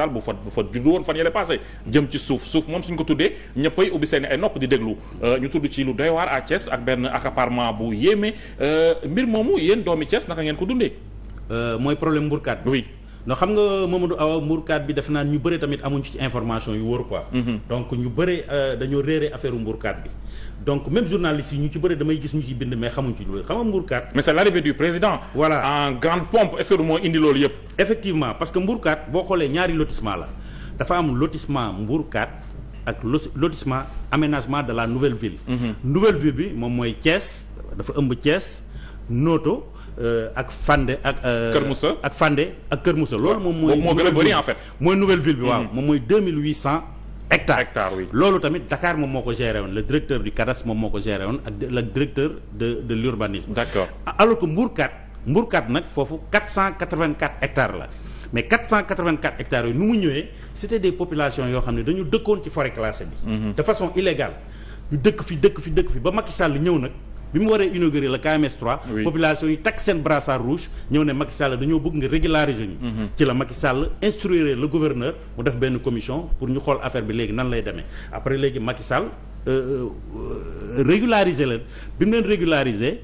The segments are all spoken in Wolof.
daal bu fa bu fa juddu woon fan yële passé jëm ci suuf suuf moom suñ ko tuddee ñëppay ubbi seen ay nopp di déglu euh, ñu tudd ci lu doy waar à Thiès ak benn accaparement bu yéeme euh, mbir moomu yéen doomi Thiès naka ngeen ko dundee. Euh, mooy problème mburkat. oui. non xam nga Mamadou Awa mbuurkaat bi def naan ñu bëre tamit amuñ ci information yu wóor quoi. Mm-hmm. donc ñu bëre euh, dañoo réere affaire mbuurkaat bi. donc même journalistes yi ñu ci bëre damay gis ñu ci bind mais xamuñ ci loolu xam nga mbuurkaat. mais c'est l'arrivée du président. voilà en grande pompe est-ce que moo indi loolu yëpp. effectivement parce que mbuurkaat boo xoolee ñaari lotissement la dafa am lotissement mbuurkaat ak lotissement aménagement de la nouvelle ville. Mm-hmm. nouvelle bi moom mooy Thiès Noto euh, ak Fandé ak. Euh, Kër Moussa ak Fandé ak Kër loolu moom mooy moo gën a nouvelle ville bi waaw mm-hmm. moom mooy deux mille huit cent hectares. hectares oui loolu tamit Dakar moom moo ko géré woon directeur du cadastre moom moo ko géré woon ak le directeur de de l'urbanisme. d'accord alors que Mbourkat nag foofu quatre cent quatre-vingt-quatre hectares la. mais 484 hectares yooyu nu mu ñëwee c'était des populations yoo xam ne dañu dëkkoon ci forêt classée bi. Mm-hmm. de façon illégale dëkk fi dëkk fi dëkk fi ba Macky Sall ñëw nag. bi mu waree inauguré la KMS 3. Oui. population yi takk seen brassard rouge ñëw ne Macky dañoo bëgg nga régulariser ñu. Mhm. ci la Macky Sall instruire le gouverneur mu def benn commission pour ñu xool affaire bi léegi nan lay demee après léegi Macky Sall euh, euh, régulariser leen bi mu leen régulariser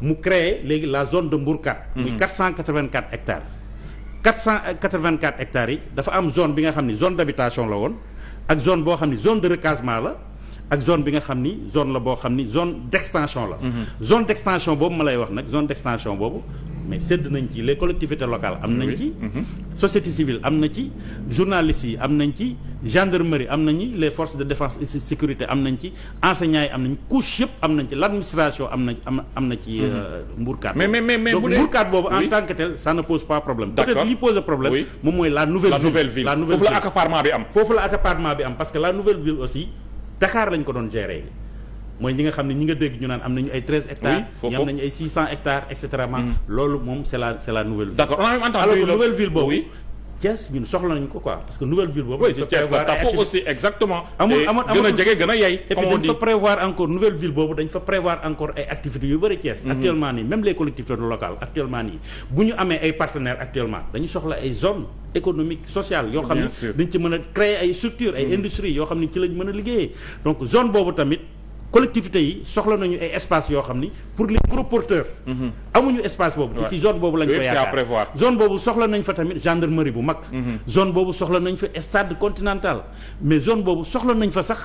mu créer léegi la zone de Mbourkat. Mhm. muy 484 hectares. 484 hectares yi dafa am zone bi nga xam ni zone d'habitation la woon ak zone boo xam ni zone de recasement la. ak zone bi nga xam ni zone la boo xam ni zone d'extension la. Mhm. zone d'extension boobu ma lay wax nag zone d'extension boobu mais sédd nañ ci le collectivités locales am nañ ci. Mhm. société civile am na ci journalistes yi am nañ ci gendarmerie am nañu les forces de défense sécurité am nañ ci enseignants yi am nañ couche yëpp am nañ ci l'administration am na ci. Mhm. Euh, mbuurkaat mais mais mais donc mbuurkaat boobu en tant que tel ne pose pas problème. peut-être li Dakar lañ ko doon gérer mooy ñi nga xam ne ñi nga dégg ñu naan am nañu ay treize hectares. oui am nañu ay six cent hectares et cetera. Hmm. loolu moom c'est la c'est nouvelle ville. d'accord on Thiès ñun soxla nañu ko quoi parce que Nouvelle-Ville boobu. oui Thiès la aussi exactement. amul amul amul gën a jege gën a yey. et puis dañ fa prévoir encore nouvelle ay activités yu bëri Thiès. Mhm. actuellement nii même les collectivités locales actuellement nii bu ñu amee ay partenaires actuellement dañu soxla ay zones économiques sociales. yoo xam ne dañ ci mën a créer ay structures ay mhm. industries yoo xam ne ci lañ mën a liggéeyee donc zone boobu tamit. collectivités yi soxla nañu ay espace yoo xam ni pour les gros porteurs mhm. amuñu espace boobu te ci zone boobu lañu ko yaakaar zone boobu soxla nañ fa tamit gendarmerie bu mag mhm. zone boobu soxla nañ fa stade continental mais zone boobu soxla nañ fa sax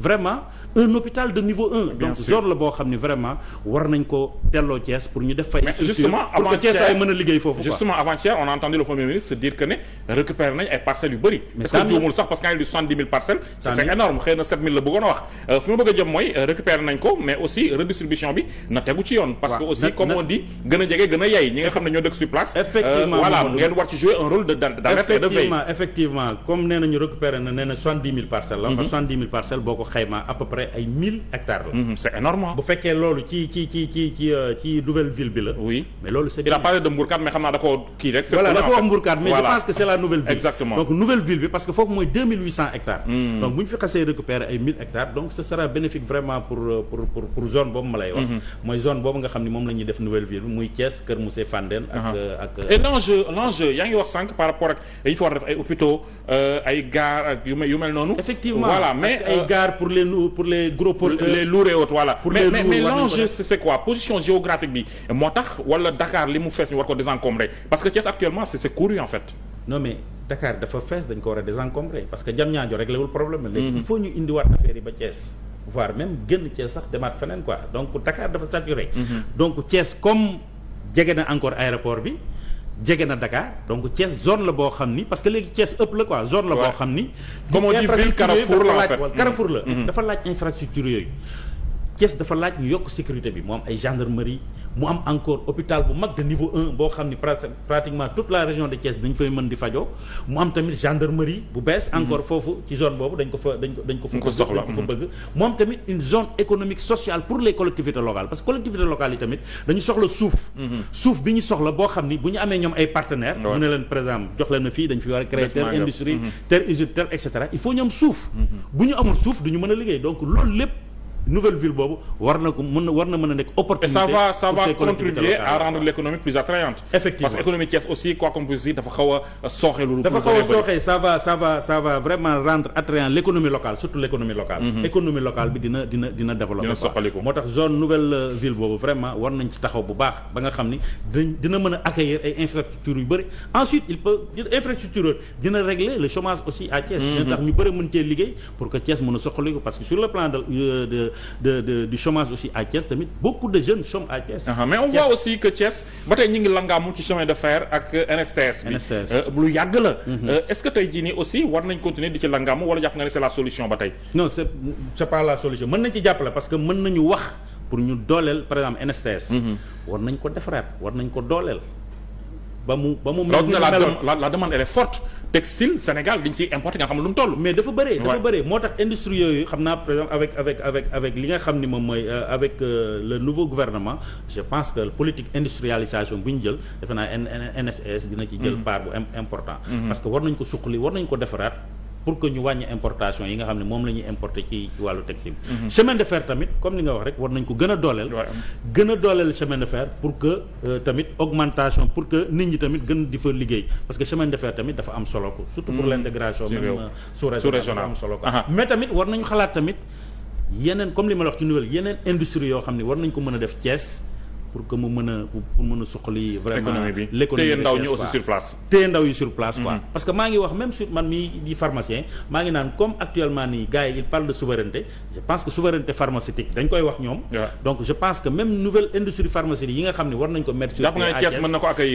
vraiment un hôpital de niveau un. Bien donc zone la boo xam ne vraiment war nañ ko delloo Thiès pour ñu def fay. justement avant pour que Thiès ay mën a liggéey foofu justement avant-hier on a entendu le premier ministre dire que ne récupéré nañ ay parcelles yu bëri. mais est-ce que juumul sax parce que nga di soixante dix mille parcelles. c'est énorme xëy na sept mille la bëggoon a wax. Euh, fi ma bëgg a jëm mooy euh, récupéré nañ ko mais aussi redistribution bi na tegu ci yoon. parce que aussi comme on dit gën a jege gën a yay ñi nga xam ne ñoo dëkk sur place. effectivement euh, voilà ngeen war ci jouer un rôle de d'alerte et de veille. effectivement effectivement comme nee nañu récupéré na nee na soixante dix mille parcelles la. Mm-hmm. soixante dix mille parcelles boo ko xaymaa à peu près ay mille la. Mhm, c'est énorme bu fekkee loolu ci ci ci ci euh, nouvelle ville bi la. mais loolu c'est. il a parlé de mais xam naa da koo kii rek. voilà da wax Mbourkat mais je pense que c'est la nouvelle ville. bi parce que foofu mooy deux mille huit mhm. fi xasee récupérer ay mille donc ce sera bénéfique vraiment pour euh, zone boobu ma lay wax. Mhm. mooy zone boobu nga xam ne moom la def nouvelle ville bi muy Thiès Kër Moussé Fandène. ak uh-huh. euh, ak et l'enjeu pour les lourds pour les gros porteurs. les lourds et autres voilà. mais, mais mais l'enjeu c'est quoi position géographique bi moo tax wala Dakar li mu fees ñu war ko désencombrer parce que Thiès actuellement c'est c'est couru en fait. non mais Dakar dafa fees dañ ko war a désencombrer parce que Diamniadio réglé wul problème la. léegi mm-hmm. il faut ñu indiwaat affaire yi ba Thiès. voire même génn Thiès sax demaat feneen quoi donc Dakar dafa saturé. Mm-hmm. donc Thiès comme jege na encore aéroport bi. jege na Dakar donc cees zone la boo xam ni parce que léegi Thiès ëpp la ko zone la boo xam ni. comme on dit ville carrefour la en fait. carrefour mm. la mm. dafa laaj infrastructure yooyu. Thiès dafa laaj ñu yokk sécurité bi mu am ay gendarmerie mu am encore hôpital bu mag de niveau un boo xam ni pratiquement toute la région de Thiès dañ fay mën di fajoo mu am tamit gendarmerie bu bees mhm. encore foofu ci zone boobu dañ ko fa dañ ko dañ ko fa soxla dañ ko fa mhm. bëgg mu am tamit une zone économique sociale pour les collectivités locales parce que collectivités locales yi tamit dañu soxla suuf mhm. suuf bi ñu soxla boo xam ni bu ñu amee ñoom ay partenaire mu ne leen par fii dañ fi war a créer terre industrie terre usine terre et ñu am suuf bu mën a liggéey donc lépp nouvelle ville boobu war na ko mën na war na mën a nekk opportunité. et ça va ça va contribuer à rendre l' économie plus attrayante. effectivement parce que économie Thiès aussi quoi qu'on puisse dire dafa xaw a euh, sooxe loolu. dafa xaw a sooxe ça va ça va ça va vraiment rendre attrayant l' économie locale surtout l' économie locale. Mm-hmm. économie locale bi dina dina dina développer. dina soqaliku moo tax zone nouvelle euh, ville boobu vraiment war nañ ci taxaw bu baax ba nga xam ni dina mën a accueillir ay infrastructures yu bëri ensuite il peut infrastructure dina régler le chômage aussi à Thiès. Mm-hmm. dina tax ñu bëri mën cee liggéey pour que Thiès mën a soqaliku parce que sur le plan de euh, de de du chômage aussi à Thiès tamit beaucoup de jeunes chôment à Thiès. mais on voit aussi que Thiès ba tey ñu ngi langaamu ci chemin de fer ak euh, NSTS bi. Euh, lu yàgg la. Mhm. Euh, est-ce que tey jii ni aussi war nañ continuer di ci langaamu wala jàpp nga ne c'est la solution ba tey. non c'est c'est pas la solution mën nañ ci jàppale parce que mën nañu wax pour ñu dooleel par exemple NSTS. Mhm. war nañ ko defaraat war nañ ko dooleel. ba mu ba mu. la la demande elle est textile Sénégal liñ ciy importé nga xam lu mu toll. mais dafa bëree dafa bëree moo tax industrie yooyu xam naa par exemple avec avec avec li nga xam ni moom mooy euh, avec euh, le nouveau gouvernement je pense que politique industrialisation bu ñu jël defe naa NSS dina ci jël mm-hmm. part bu important mm-hmm. parce que war nañ ko suqali war nañ ko defaraat pour que ñu wàññi importation yi nga xam ne moom la ñuy importer ci ci wàllu textile mhm. chemin de fer tamit comme li nga wax rek war nañ ko gën a dooleel gën a dooleel chemin de fer pour que euh, tamit augmentation pour que nit ñi tamit gën di fa liggéey parce que chemin de fer tamit dafa am solo ko surtout pour mhm. l'intégration même euh, sous-régionale am solo ko tamit war nañu xalaat tamit yeneen comme li ma la wax ci nouvelle yeneen industrie yoo xam ne war nañ ko mën a def pour que mu mën a pour mën a suqali vraiment l'économie téye ndaw ñu aussi sur place téye ndaw yi sur place quoi mm-hmm. parce que maa ngi wax même sur man mii di pharmacien maa ngi naan comme actuellement nii gars yi il parle de souveraineté je pense que souveraineté pharmaceutique dañ koy wax ñoom donc je pense que même nouvelle industrie pharmaceutique yi nga xam ne war nañ ko mettre sur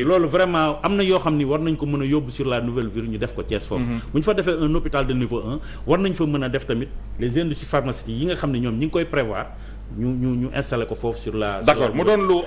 loolu vraiment am na yoo xam ni war nañ ko mën a yóbbu sur la nouvelle ville ñu def ko Thiès foofu mm-hmm. bu ñu fa defee un hôpital de niveau un war nañ fa mën a def tamit les industries pharmaceutiques yi nga xam ne ñoom ñi ngi koy prévoir ñu ñu ñu installé ko foofu sur la d'accord mu doon lu